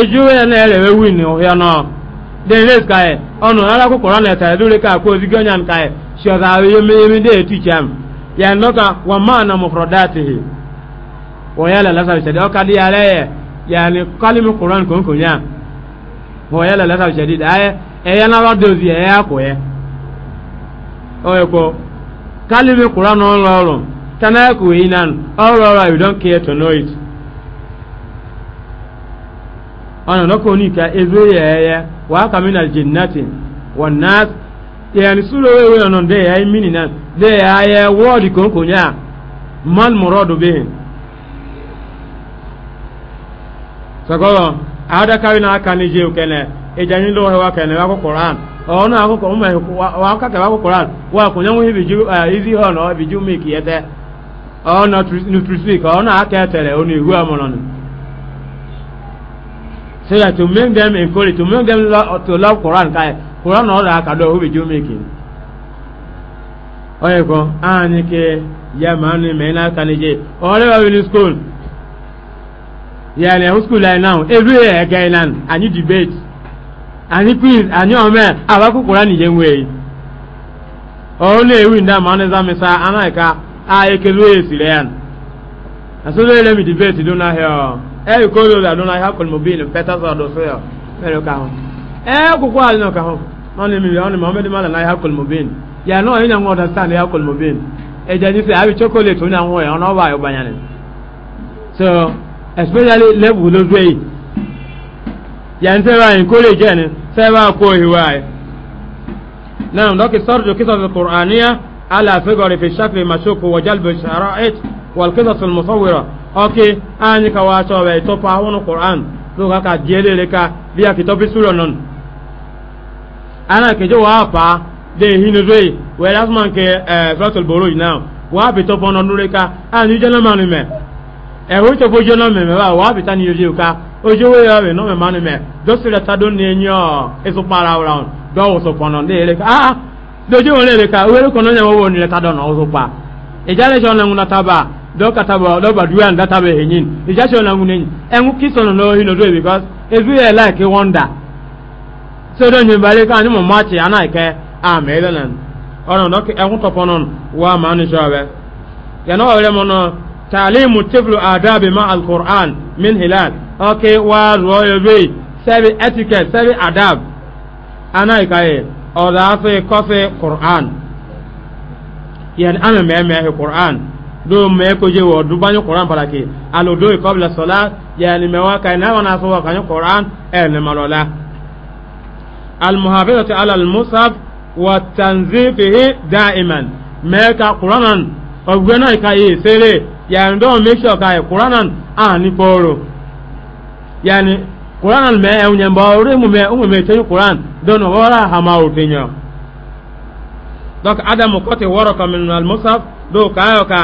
ejuwe na elewe win ohia no de res kai ono e, ara ku korona ta edure ka ko zi gonyan kai e, sho da yemi yemi de ticham ya noka wa mana mufradatihi wa yala la sa shadi ka di yale yani kalim qur'an kon kon ya wa yala la sa shadi da e ya na wa dozi e ya ko ye o ye ko kalim qur'an on lo lo tanaya ku inan all right you don't care to know it ana na koni ka ezo yaya wa ka min aljinnati wan nas yani suro we we non de mini nan de yaya kon konya ada ka wina ka ni je ukene e jani lo wa kene wa ko qur'an ona ako ko umma wa ka ka wa ko qur'an wa ko ju eh, izi bi ju mi ona ona tere oni so that to make them encourage to make them love, to love Quran kai Quran na ọdọ akadọ obi ju meke ọyẹ kọ anyị ke ya maa nu mẹ na aka nije ọrẹ wa wili school yàrá ẹhún school ayi náà ebi yẹ e ẹgẹ ayi náà anyị debate anyị quiz anyị ọmọ abakú Quran yẹ ń wéyìí ọ̀hún lè wí ndá maa nìza mi sa anáyìíká a ekelu esi rẹ̀ yàn asọ́dọ̀ yẹn lẹ́mi debate dún náà hẹ́ ọ́ ɛyɛ kolo la do na ya kɔlɔn mobili pɛtɛ sɔrɔ do sɔrɔ mɛlɛ ka hɔn ɛɛ koko ali na ka hɔn ɔni mi ɔni mɔmɛdi ma la na ya kɔlɔn mobili yanni ɔni na ŋɔ da san ya kɔlɔn mobili ɛdiyɛ ni fɛ a bɛ chocolate to na ŋɔ yɛ ɔnɔ b'a yɔ banya ne so especially level lo do yi yanni sɛ b'a ye kolo jɛ ni sɛ b'a ko yi wa ye naam dɔki sɔrɔ do kisɛ kur'aniya ala fɛ gɔri fi shakiri masoko wajalbe shara'it wal kisɛ sulmusawira. oke anyị ka wa chọ wee tọpụ ahụnụ qur'an so ka ka die lele ka ki ana ke wa pa de hinu ke eh wa bi nure ka na manu me e ho tọpụ je na me me ba wa bi tani yoje ka oje we ya we no me manu me do sira ta ne nyo para around do wo so pono de ka ah ka we ko no nya wo ni ta so pa e jo na nguna dɔkataba dɔbaduya nda tabe henyin ijasho na ngune engu kisono no hino do because ezu ya like wonder so don ni bare ka ni mo machi ana ke amelenan ono oh, nok engu toponon wa manu shabe ya no wale mono ta'limu tiflu adabi ma alquran min hilal okay wa royo be sabi etiquette sabi adab ana ke o da fe kofe quran yani ana meme do me ko je wo du banyo qur'an palake alo do qabla salat yani me wa kai na wana so wa kanyo qur'an e ne malola al muhafazatu ala al musaf wa tanzifihi da'iman me ka qur'anan ogwena ka yi sere yani do make sure ka qur'anan ani poro yani qur'anan me e unya mbawre mu me umu me te qur'an do no wala hama utinyo donc adamu kote waraka min al musaf do kayo ka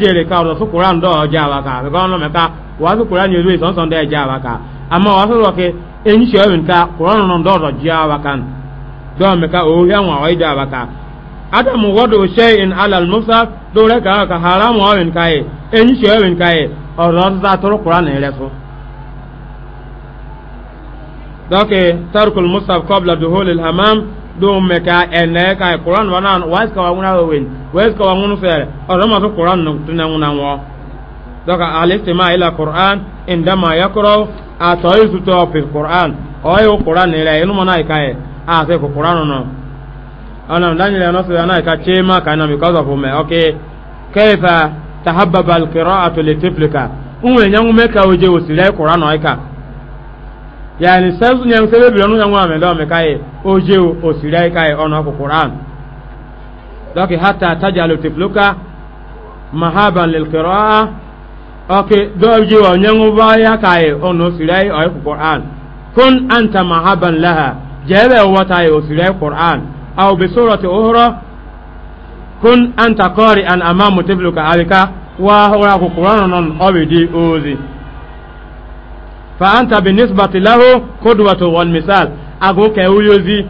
jere ka ọdọ sukura ndọ ọjà abaka bẹkọ ọnà ka wà sukura ni olú ìsọ̀nsọ̀ ndọ ẹjà abaka àmọ́ wà sọ̀rọ̀ kẹ ẹ̀yìn ṣe ọ̀rìn ká kuran nọ ndọ ọdọ jẹ abaka dọ́ òhì àwọn àwọn abaka adamu wọ́dọ̀ ṣe in alal musa ka haram ọ̀rìn ká yẹ ẹ̀yìn ọ̀rìn ká yẹ fún. dọ́kẹ́ musa kọ́bla duhul ilhamam dum me ka ene ka qur'an wana wais ka wanguna wewen wais ka wangunu fere oro ma so qur'an no tuna nguna ngo doka alistima ila qur'an indama yakra ataizu to fi qur'an oyo qur'an ila inu mana ikaye a se ko qur'an no ana ndani la nasu ana ka chema kana because of me okay kaifa tahabbaba alqira'atu litiflika unwe nyangu meka oje usile qur'an oika yani sɛnsu nyɛ sɛbɛ bi ɔnu nyɛ ŋun amɛ dɔwɔmɛ ka ye o je o o siri ayi ka ye ɔnu akɔ kuran dɔki hata taja lo tefulu ka mahaban lelkɛrɔ a ɔke dɔw je o nyɛ ŋun ba ya ka ye ɔnu o siri ayi ɔyɛ kɔ kun anta mahaban laha jɛ bɛ wɔta ye o siri ayi kuran aw bi ti o hɔrɔ kun anta kɔɔri an ama mu tefulu ka a Quran ka waa hɔrɔn di oozi fa anta bi nisbati lahu kodwatu wal misal ago ke uyozi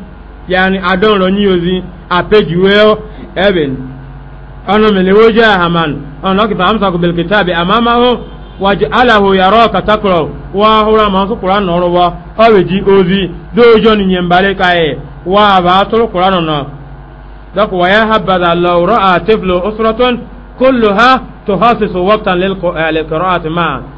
yani adon ro nyozi apejuweo eben ono melewoja haman ono ki famsa ku bil kitabi amamahu waj'alahu yaraka takra wa hura ma su qur'an noro wa aweji ozi dojo ni nyembale kae wa ba to qur'an no dak wa ya habada law ra'a tiflu usratun kulluha tuhasisu waqtan lil qira'ati ma'a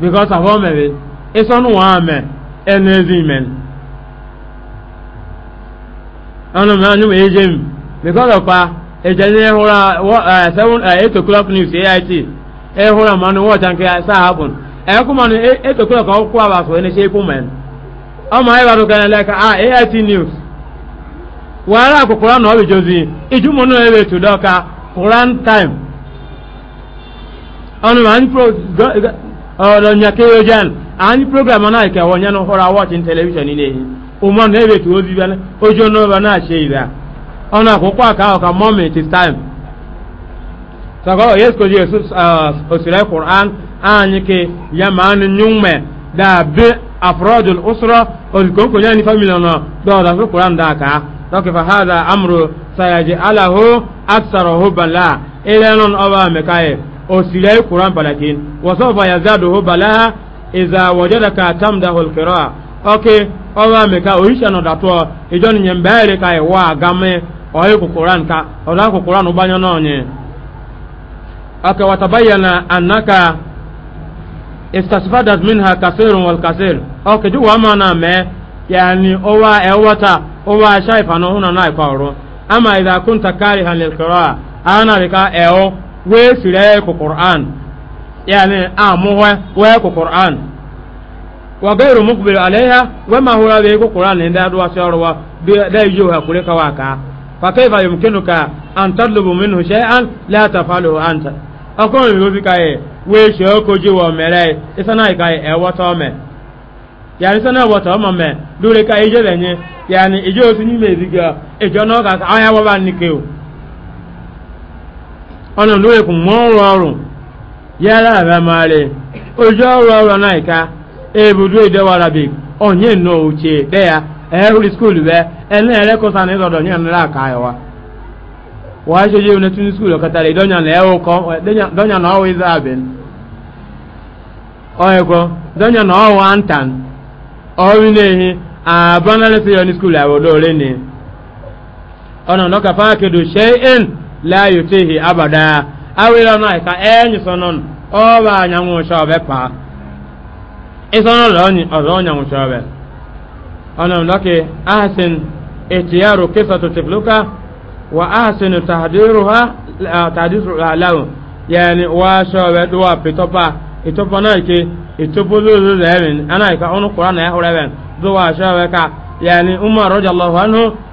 because of all maybe it's on one and every man and I'm not aging because of uh, a ejene hura uh, uh, seven eight o'clock news AIT e hura manu watch and care sa happen e eh, kuma eight o'clock au kwa ba so ene shepu men o ma e ba do kan like ah AIT news wàhálà kòkòrò náà wọ́n jọ́sí ìjùmọ̀ náà ẹ̀rẹ̀ ètò dọ́ka Quran time ọ̀nà wà ní ọ̀rọ̀ nyakeyo jan anyi program náà kẹwọ́ yẹn na hura watching television ilé yìí ọmọ náà ebe tí ó bí bẹ́ẹ̀ ojú na ọba náà ṣe ìlà ọ̀nà àkókò ka mọ́mì is time. sọ̀kọ́ yẹ́sì kò jẹ́ òsìlẹ̀ quran anyi ke yẹ family quran osilai kuran balakin wasofa yazaduhu balaha iza wajadaka tamdahu alqiraa oke ọba meka oisha no datọ ijo ni nyembeere ka iwa agame oyi kukuran ka ọda kukuran ubanyo ọ aka watabayana annaka istasfadat minha kasirun wal kasir oke ọ mana me yani owa ewata owa shaifano huna na ikwaru ama idha kunta karihan lilqiraa ana rika wee siri ku qur'an yani amuhwe wee ku qur'an wa gairu mukbil alaiha wema huwa be qur'an inda adwa sharwa da yijo hakure ka fa kaifa yumkinuka an tadlubu minhu shay'an la tafaluhu anta akon yo bi kai we se ji wo mere isana kai e, e me ma me dure kai je yani osu ni me biga e ka aya wa ban ọnụ n'uwe kụ mmụọ ọrụ ọrụ yara abịa maara ojú ọrụ ọrụ anaghịka ebudu edewa arabic onye nnọọ uche de ya ehuri skuul bẹ ẹni e ẹrẹkọsa ní ìdọdọ ní ẹnlẹ àkàyọwa wàá ṣe yé wọn tún skuul ọkàtàlẹ dọnyà kọ na antan ọrin la yutihi abada awira na ka enyi sonon o ba anyanwu shobe pa isono lo ni o lo anyanwu shobe ona ndoke ahsin itiyaru qisatu tifluka wa ahsin tahdiruha tahdiruha lahu yani wa shobe duwa pitopa itopa na ke itopolulu lewin ana ka onu qur'an ya hore ben duwa shobe ka yani umar radiyallahu anhu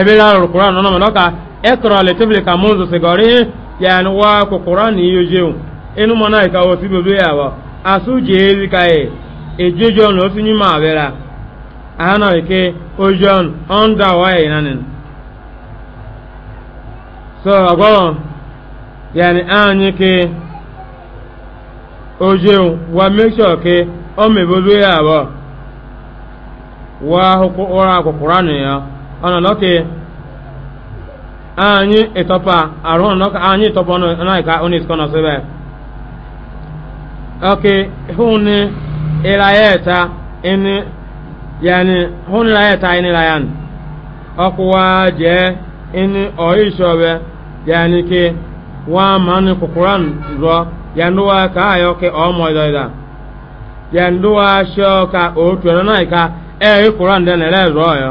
ebila alquran nona manoka ekra le tibli ka munzu sigori yani wa ku quran yujeu inu ka e o sibo do yawa asu jeeli ka e ejojo no sinyi ma bela ana ke ojon onda wa inanin so agwa yani ya ke ojeun wa ọ̀nà lọ́kẹ́ anyị ịtọpa arụ ọ̀nà lọ́kẹ́ anyị ịtọpa ọ̀nà ịka ọ̀nà ịsịkọ nọ sịbẹ̀ ọkẹ́ hụn ịlayeta ịnị yani hụn ịlayeta ịnị layan ọkụwa jee ịnị ọyị ịsọbe yani ke wa mmanụ kukuran rọ yani wa ka ayọ ke ọmọ ịdọ yani wa shọ ka otu ọ̀nà ịka ee kuran dị na ịlẹ zọọ ya.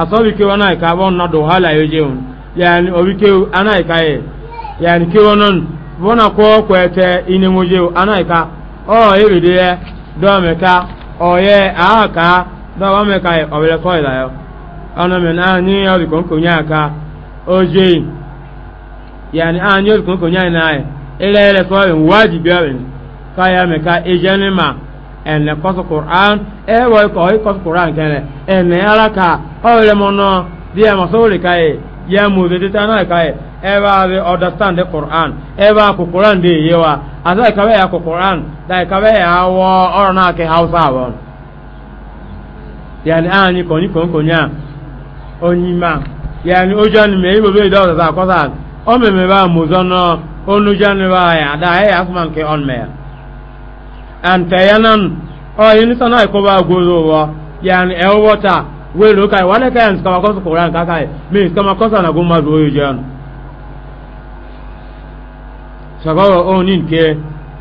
asabi ke wana ka bon na do hala yoje un yani obike ana ka e yani ke wonon bona ko ko ete ine ana ka o ebe de do me ka o ye aka do wa me ka e ko yo ana me na ni ya ko ko nya ka oje yani anyo ko na e ele ele ko ka ya me ka e ene kosu qur'an e woy ko hoy kosu qur'an kene ene alaka oyre mono dia masoli kai ya muzidi tana kai e ba e. be understand qur'an e ba ku qur'an de yewa wa ka ya ku qur'an da ka be ya wo orna ke hausa won yani ani ko ni ko ko nya onyima yani ojan me ibo be da za ko sa o me me ba muzono onu ba ya da e asman ke on me an tayanan o yin sana ko ba gozo wa yani e wota we lo kai wale kai an kama ko Qur'an ka kai mi kama ko sana gumma do yo jan sagawa onin ke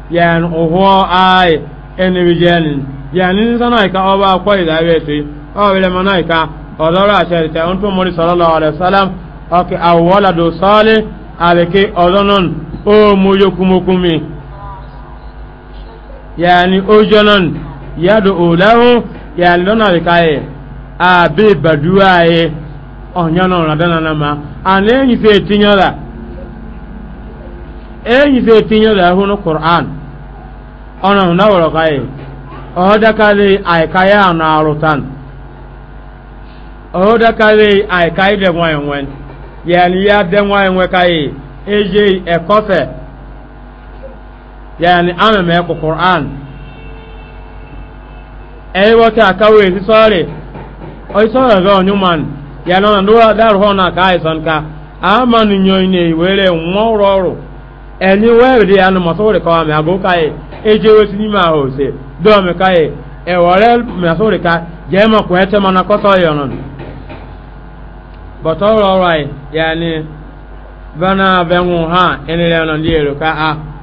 yan oho ai ene bijanin yani sana ka o oh, ba ko ida we ti o oh, wele manaika o dora ashe ta on to mori sallallahu alaihi wasallam o ke awwala do salih aleke odonon o mu yokumukumi yani ojonon yadu ulahu yani lona wikaye a be baduwaye onyanon radana nama an enyi se tinyola enyi se tinyola hunu qur'an ona na woro kaye oda kale ay kaya na arutan oda kale ay kai de ngwayen wen yani ya de ngwayen we kaye eje ekofe yani ama me ko qur'an e wata kawe si sore o sore ga onyuman ya no ndo dar na ka isan ka ama e ni nyoy ne were ọrụ eni were di anu mo sore ka me ago kai e. e je we sini ma ho se do me kai e wore me sore ka je ma ko ete mana ko so yo non but all right yani bana ha eni le non di e ka ah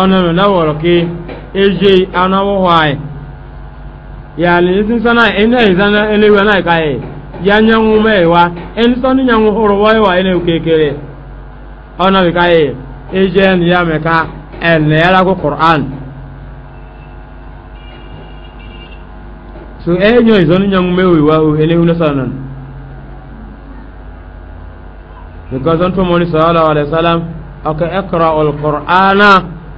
ọnụnụ lawọrọ ke eje anọwụhụ anyị ya lilisin sana ina izana elewe na ikaye ya nyanwu mewa en sonu nyanwu huru waiwa ina ukekere ọna bikaye eje ni ya meka en ne yara ko qur'an so enyo izonu nyanwu mewa o elewe na sanan because on to moni sallallahu alaihi wasallam aka iqra al-qur'ana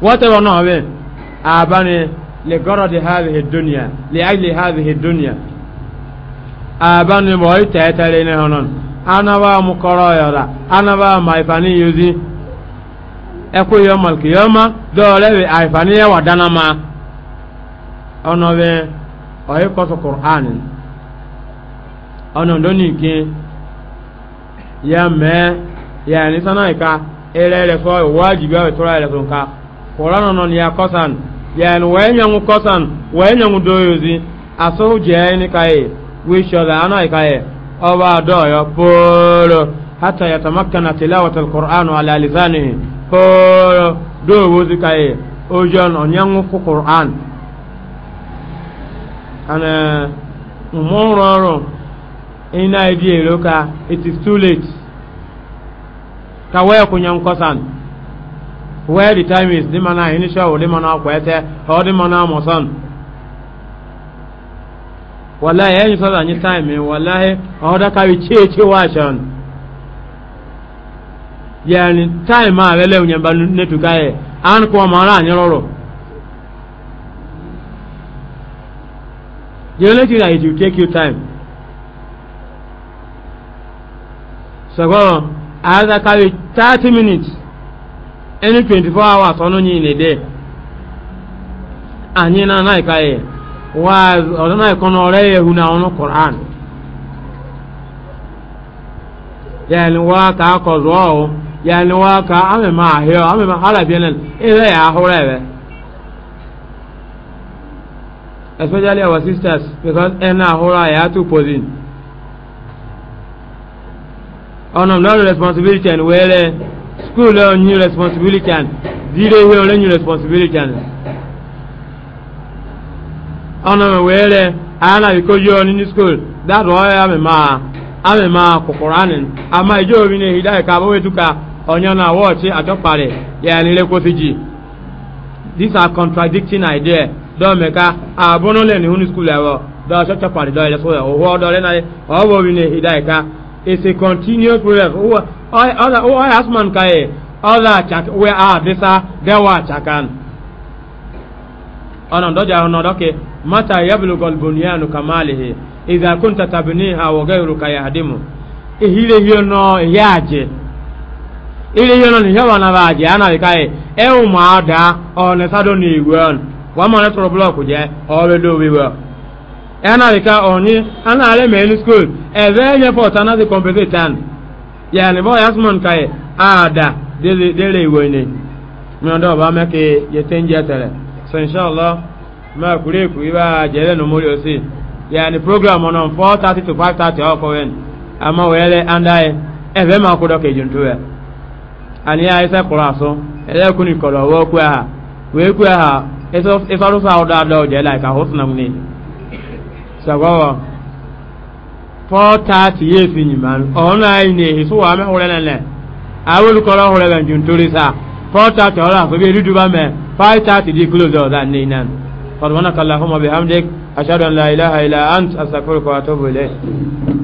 whatever no awe eh? abane le gorod hadhihi dunya li ajli hadhihi dunya abane moy tetare ne honon anawa mukoro yara anawa maifani yuzi eku yomal kiyama dole we aifani ya wadana ma ono we oyi koso qur'anin ono ndoni ya ya ka korano non ya kosan yani wayanyangu kosan wayanyangu doyozi asohu jeyani kaye wishola ana kaye oba doyo polo hata yatamakkana tilawata alqur'anu ala lisanihi polo dowozi kaye ojon onyangu ku qur'an ana umororo ina idiye loka it is too late kawaya kunyangu kosan where the time is di mana inisha o di mana kwete o di mana musan wallahi yayin sada ni time eh, wallahi o da ka bi ce ce wa shan yani time a wele unyan ba ne tu an ko ma ra ni roro you know that it will take you time so go either carry 30 minutes any 24 hours ọnụ nyi na ede anyị na anaghị ka ya waz ọdụ na ịkọ e. na ọrịa ya ehu na ọnụ koran ya ni wa ka akọzụ ọhụ ya ni wa ka amịma ahịa amịma alabịa na ire e ya ahụrụ ebe especially our sisters because ẹ e na ahụrụ ahịa atụ pozin ọnụ m na ọrụ responsibility were school on new responsibility and zero ihe on new responsibility and ọnà mi wéere àyànà yìí kó yọ ọ nínú school dáàtọ̀ ọ̀ yà mí máa àmì máa kòkòrò ànìn àmà ìjọ òbí ni ìdá ìka àbọ̀wé túkà ọ̀nyọ́nà àwọ̀ọ̀tì àjọpàrẹ̀ yà ni lẹ́kọ̀ọ́ sí these are contradicting ideas dɔmeka abono lɛ ni huni sukuu lɛ wɔ dɔ sɔ tsɔkpa so ya o na ye bi ka is a continuous process other oil asman kaye other chak we are disa dewa chakan ana ndoja ono doke mata yablugu albunyanu kamalihi idha kunta tabniha wa ghayruka yahdimu ihile hiyo no yaje ile hiyo no hiyo wana baje ana likaye e umaada onetado ni gwan wa mona tro block je obedo biwa ana e rika onye ana ale men school ebe nye port ana the compensate an ya ni boy asmon kai e, ada dele dele iwe ni mi ondo ba me ke ye tenje tele so inshallah ma kure ku iba jere no mori osi ya ni program on 4:30 to 5:30 of when ama wele andai ebe ma ku do ke juntuwe ani ya e kura kuraso ele kuni kolo wo ku ha we ku ha eso eso ru sa oda do jele ka hosna mni sagogo fo taati ye fiñiman ona ne isuwame hurenene awol koro hureben junturi sa fo taati ola ko ɓe ridubame fay taati di close o dan ni nan subhanaka allahumma bihamdik ashhadu an la ilaha illa ant astaghfiruka wa atubu ilayk